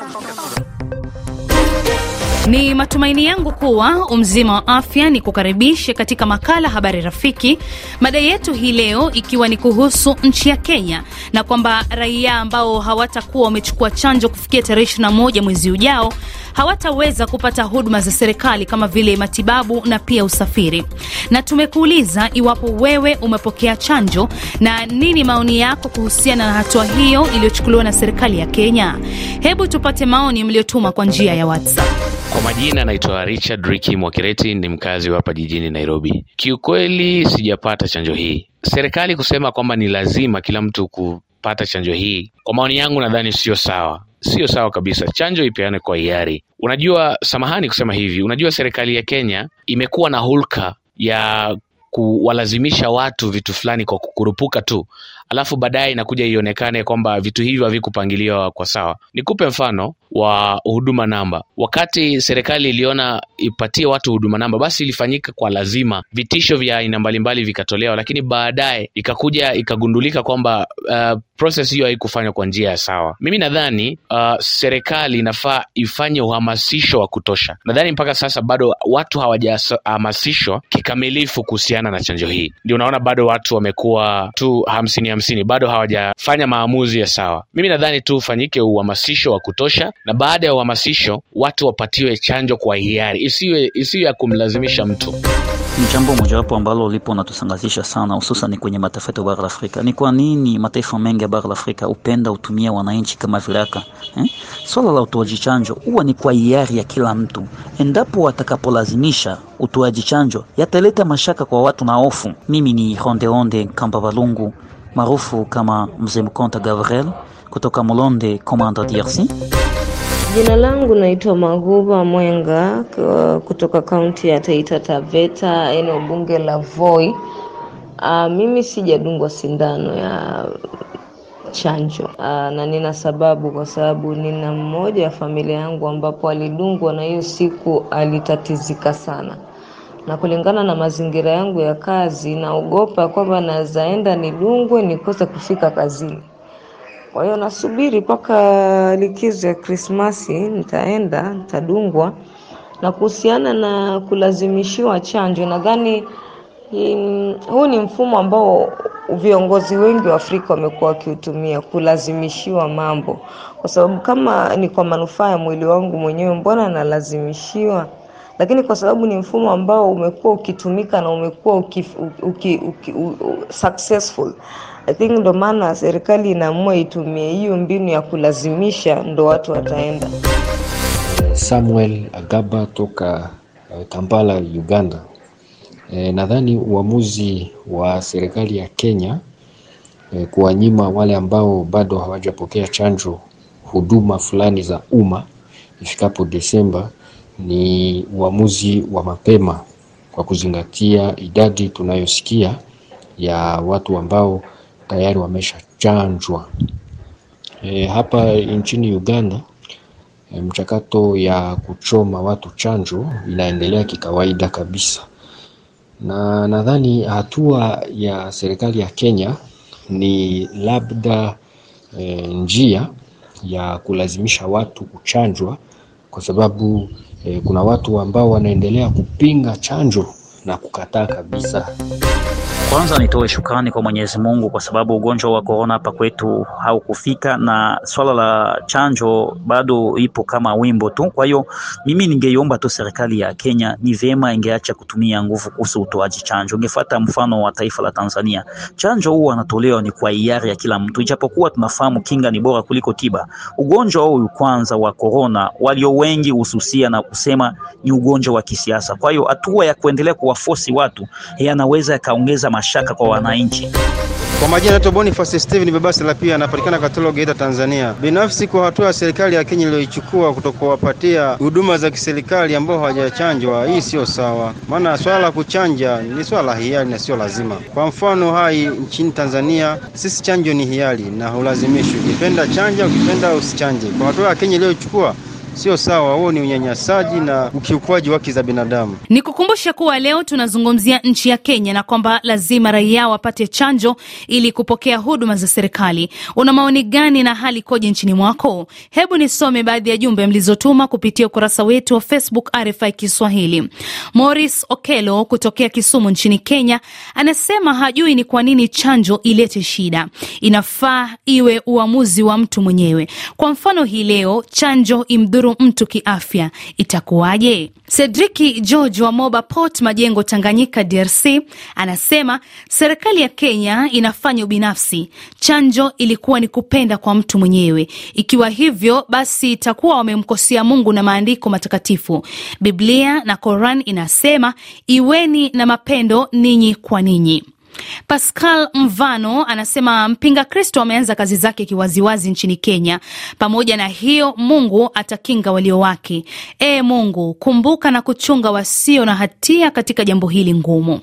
opinião de qualquer Ni matumaini yangu kuwa umzima wa afya. Ni kukaribishe katika makala Habari Rafiki, mada yetu hii leo ikiwa ni kuhusu nchi ya Kenya na kwamba raia ambao hawatakuwa wamechukua chanjo kufikia tarehe 21 mwezi ujao hawataweza kupata huduma za serikali kama vile matibabu na pia usafiri. Na tumekuuliza iwapo wewe umepokea chanjo na nini maoni yako kuhusiana na hatua hiyo iliyochukuliwa na serikali ya Kenya. Hebu tupate maoni mliotuma kwa njia ya WhatsApp. Kwa majina anaitwa Richard Riki Mwakireti, ni mkazi wa hapa jijini Nairobi. Kiukweli sijapata chanjo hii. Serikali kusema kwamba ni lazima kila mtu kupata chanjo hii, kwa maoni yangu nadhani sio sawa, sio sawa kabisa. Chanjo ipeane kwa hiari. Unajua, samahani kusema hivi, unajua serikali ya Kenya imekuwa na hulka ya kuwalazimisha watu vitu fulani kwa kukurupuka tu, alafu baadaye inakuja ionekane kwamba vitu hivyo havikupangiliwa kwa sawa. Nikupe mfano wa huduma namba. Wakati serikali iliona ipatie watu huduma namba, basi ilifanyika kwa lazima, vitisho vya aina mbalimbali vikatolewa, lakini baadaye ikakuja ikagundulika kwamba uh, hiyo haikufanywa kwa njia ya sawa. Mimi nadhani uh, serikali inafaa ifanye uhamasisho wa kutosha. Nadhani mpaka sasa bado watu hawajahamasishwa kikamilifu kuhusiana na chanjo hii, ndio unaona bado watu wamekuwa tu hamsini hamsini bado hawajafanya maamuzi ya sawa. Mimi nadhani tu ufanyike uhamasisho wa kutosha, na baada ya uhamasisho watu wapatiwe chanjo kwa hiari, isiwe isiyo ya kumlazimisha mtu. Ni jambo mojawapo ambalo lipo natusangazisha sana, hususan kwenye mataifa yetu bara la Afrika. Ni kwa nini mataifa mengi ya bara la Afrika hupenda hutumia wananchi kama viraka eh? Swala la utoaji chanjo huwa ni kwa hiari ya kila mtu. Endapo watakapolazimisha utoaji chanjo, yataleta mashaka kwa watu na hofu. Mimi ni Rondeonde Kamba Balungu maarufu kama Mzee Mkonta Gabriel kutoka Mulonde Komanda, DRC. Jina langu naitwa Maguba Mwenga kutoka kaunti ya Taita Taveta, eneo bunge la Voi. Uh, mimi sijadungwa sindano ya chanjo aa, ah, na nina sababu kwa sababu nina mmoja ya familia yangu ambapo alidungwa na hiyo siku alitatizika sana na kulingana na mazingira yangu ya kazi naogopa kwamba nazaenda nidungwe nikose kufika kazini. Kwa hiyo nasubiri mpaka likizo ya Krismasi, nitaenda nitadungwa. Na kuhusiana na kulazimishiwa chanjo, nadhani mm, huu ni mfumo ambao viongozi wengi wa Afrika wamekuwa wakiutumia kulazimishiwa mambo, kwa sababu kama ni kwa manufaa ya mwili wangu mwenyewe, mbona nalazimishiwa? lakini kwa sababu ni mfumo ambao umekuwa ukitumika na umekuwa uki, uki, uki, u, u, successful I think ndo maana serikali inaamua itumie hiyo mbinu ya kulazimisha, ndo watu wataenda. Samuel Agaba toka eh, Kampala, Uganda. E, nadhani uamuzi wa serikali ya Kenya e, kuwanyima wale ambao bado hawajapokea chanjo huduma fulani za umma ifikapo Desemba ni uamuzi wa mapema kwa kuzingatia idadi tunayosikia ya watu ambao tayari wameshachanjwa. E, hapa nchini Uganda e, mchakato ya kuchoma watu chanjo inaendelea kikawaida kabisa, na nadhani hatua ya serikali ya Kenya ni labda e, njia ya kulazimisha watu kuchanjwa kwa sababu e, kuna watu ambao wanaendelea kupinga chanjo na kukataa kabisa. Kwanza nitoe shukrani kwa Mwenyezi Mungu kwa sababu ugonjwa wa korona hapa kwetu haukufika, na swala la chanjo bado ipo kama wimbo tu. Kwa hiyo mimi ningeiomba tu serikali ya Kenya, ni vyema ingeacha kutumia nguvu kuhusu utoaji chanjo, ingefuata mfano wa taifa la Tanzania. Chanjo huu anatolewa ni kwa hiari ya kila mtu, ijapokuwa tunafahamu kinga ni bora kuliko tiba. Ugonjwa huu kwanza wa korona, walio wengi hususia na kusema ni ugonjwa wa kisiasa. Kwa hiyo hatua ya kuendelea ku kuwafosi watu yanaweza yakaongeza mashaka kwa wananchi. Kwa majina naitwa Boniface Steven la pia anapatikana Katoro, Geita, Tanzania. Binafsi, kwa hatua ya serikali ya Kenya iliyoichukua kutokuwapatia huduma za kiserikali ambao hawajachanjwa, hii sio sawa, maana swala la kuchanja ni swala hiari na sio lazima. Kwa mfano hai nchini Tanzania sisi chanjo ni hiari na hulazimishwi, ukipenda chanja, ukipenda usichanje. Kwa hatua ya Kenya iliyoichukua sio sawa. Huo ni unyanyasaji na ukiukwaji wa haki za binadamu. Nikukumbushe kuwa leo tunazungumzia nchi ya Kenya na kwamba lazima raia wapate chanjo ili kupokea huduma za serikali. Una maoni gani na hali koje nchini mwako? Hebu nisome baadhi ya jumbe mlizotuma kupitia ukurasa wetu wa Facebook RFI Kiswahili. Morris Okelo kutokea Kisumu nchini Kenya anasema hajui ni kwa nini chanjo ilete shida. Inafaa iwe uamuzi wa mtu mwenyewe. Kwa mfano, hii leo chanjo imdhuru kumdhuru mtu kiafya itakuwaje? sedriki George wa Moba Port Majengo, Tanganyika, DRC anasema serikali ya Kenya inafanya ubinafsi. Chanjo ilikuwa ni kupenda kwa mtu mwenyewe. Ikiwa hivyo basi, itakuwa wamemkosea Mungu na maandiko matakatifu. Biblia na Koran inasema iweni na mapendo ninyi kwa ninyi. Pascal Mvano anasema mpinga Kristo ameanza kazi zake kiwaziwazi nchini Kenya. Pamoja na hiyo, Mungu atakinga walio wake. Ee Mungu, kumbuka na kuchunga wasio na hatia katika jambo hili ngumu.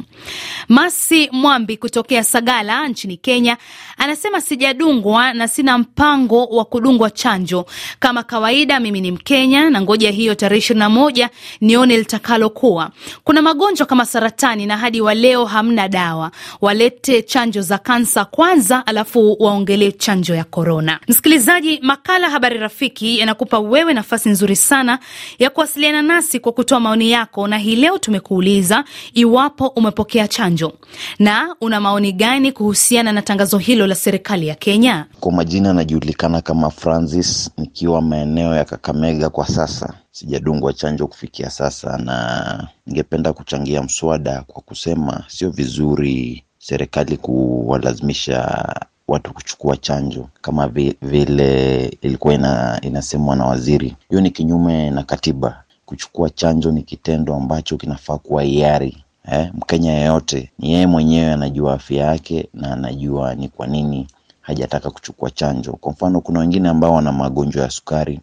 Masi Mwambi kutokea Sagala nchini Kenya anasema sijadungwa na sina mpango wa kudungwa chanjo. Kama kawaida, mimi ni Mkenya na ngoja hiyo tarehe ishirini na moja nione litakalokuwa. Kuna magonjwa kama saratani na hadi wa leo hamna dawa walete chanjo za kansa kwanza, alafu waongelee chanjo ya korona. Msikilizaji, makala Habari Rafiki yanakupa wewe nafasi nzuri sana ya kuwasiliana nasi kwa kutoa maoni yako, na hii leo tumekuuliza iwapo umepokea chanjo na una maoni gani kuhusiana na tangazo hilo la serikali ya Kenya. Kwa majina anajulikana kama Francis, nikiwa maeneo ya Kakamega kwa sasa sijadungwa chanjo kufikia sasa, na ningependa kuchangia mswada kwa kusema sio vizuri serikali kuwalazimisha watu kuchukua chanjo kama vile ilikuwa ina, inasemwa na waziri. Hiyo ni kinyume na katiba. Kuchukua chanjo ni kitendo ambacho kinafaa kuwa hiari. Eh, Mkenya yeyote ni yeye mwenyewe anajua afya yake na anajua ni kwa nini hajataka kuchukua chanjo. Kwa mfano, kuna wengine ambao wana magonjwa ya sukari,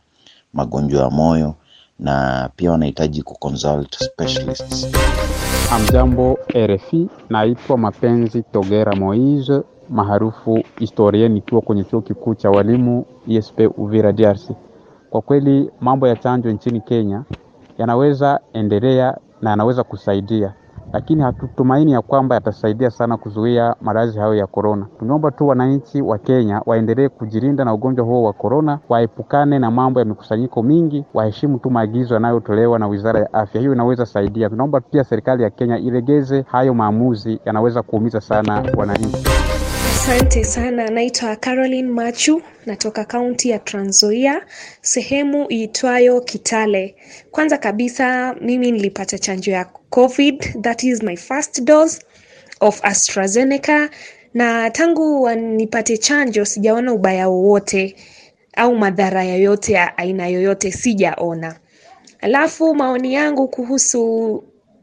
magonjwa ya moyo na pia wanahitaji kuconsult specialists. Amjambo RFI, naitwa Mapenzi Togera Moise maarufu historien, nikiwa kwenye chuo kikuu cha walimu ISP Uvira DRC. Kwa kweli mambo ya chanjo nchini Kenya yanaweza endelea na yanaweza kusaidia lakini hatutumaini ya kwamba yatasaidia sana kuzuia maradhi hayo ya korona. Tunaomba tu wananchi wa Kenya waendelee kujilinda na ugonjwa huo wa korona, waepukane na mambo ya mikusanyiko mingi, waheshimu tu maagizo yanayotolewa na Wizara ya Afya. Hiyo inaweza saidia. Tunaomba pia serikali ya Kenya iregeze hayo maamuzi, yanaweza kuumiza sana wananchi. Asante sana, naitwa Caroline Machu, natoka kaunti ya Trans Nzoia, sehemu iitwayo Kitale. Kwanza kabisa mimi nilipata chanjo ya COVID, that is my first dose of AstraZeneca, na tangu nipate chanjo sijaona ubaya wowote au madhara yoyote ya aina yoyote sijaona. Alafu maoni yangu kuhusu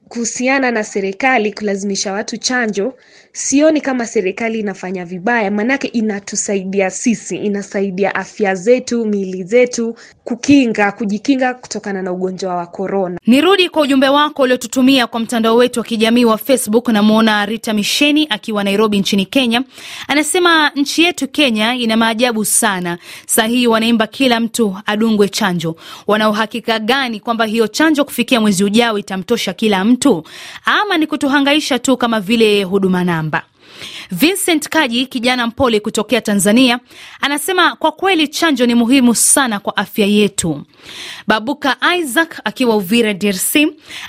kuhusiana na serikali kulazimisha watu chanjo, sioni kama serikali inafanya vibaya, maanake inatusaidia sisi, inasaidia afya zetu, miili zetu, kukinga, kujikinga kutokana na ugonjwa wa korona. Nirudi kwa ujumbe wako uliotutumia kwa mtandao wetu wa kijamii wa Facebook. Namwona Rita Misheni akiwa Nairobi nchini Kenya, anasema nchi yetu Kenya ina maajabu sana. Saa hii wanaimba kila mtu adungwe chanjo, wana uhakika gani kwamba hiyo chanjo kufikia mwezi ujao itamtosha kila mtu? tu ama ni kutuhangaisha tu kama vile huduma namba. Vincent Kaji, kijana mpole kutokea Tanzania, anasema kwa kweli chanjo ni muhimu sana kwa afya yetu. Babuka Isaac akiwa Uvira, DRC,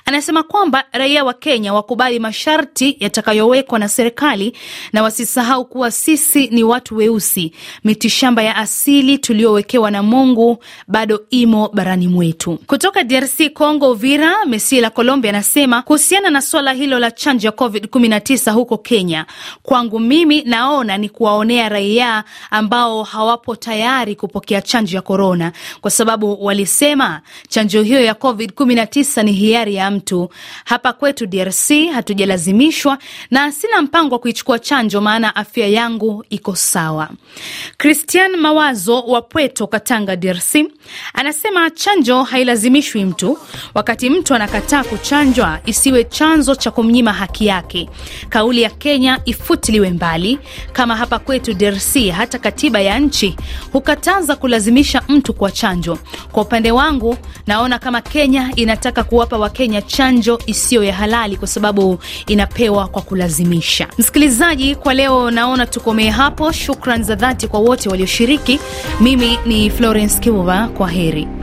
anasema kwamba raia wa Kenya wakubali masharti yatakayowekwa na serikali na wasisahau kuwa sisi ni watu weusi. Mitishamba ya asili tuliyowekewa na Mungu bado imo barani mwetu. Kutoka DRC Congo, Uvira, Mesila Colombia anasema kuhusiana na swala hilo la chanjo ya COVID-19 huko Kenya, kwangu kwangu mimi naona ni kuwaonea raia ambao hawapo tayari kupokea chanjo ya korona, kwa sababu walisema chanjo hiyo ya Covid 19 ni hiari ya mtu. Hapa kwetu DRC hatujalazimishwa na sina mpango wa kuichukua chanjo, maana afya yangu iko sawa. cristian Mawazo wa Pweto, Katanga, DRC anasema chanjo hailazimishwi mtu. Wakati mtu anakataa kuchanjwa, isiwe chanzo cha kumnyima haki yake. Kauli ya Kenya ifutili iwe mbali. Kama hapa kwetu DRC, hata katiba ya nchi hukataza kulazimisha mtu kwa chanjo. Kwa upande wangu, naona kama Kenya inataka kuwapa Wakenya chanjo isiyo ya halali, kwa sababu inapewa kwa kulazimisha. Msikilizaji, kwa leo naona tukomee hapo. Shukran za dhati kwa wote walioshiriki. Mimi ni Florence Kivuva, kwa heri.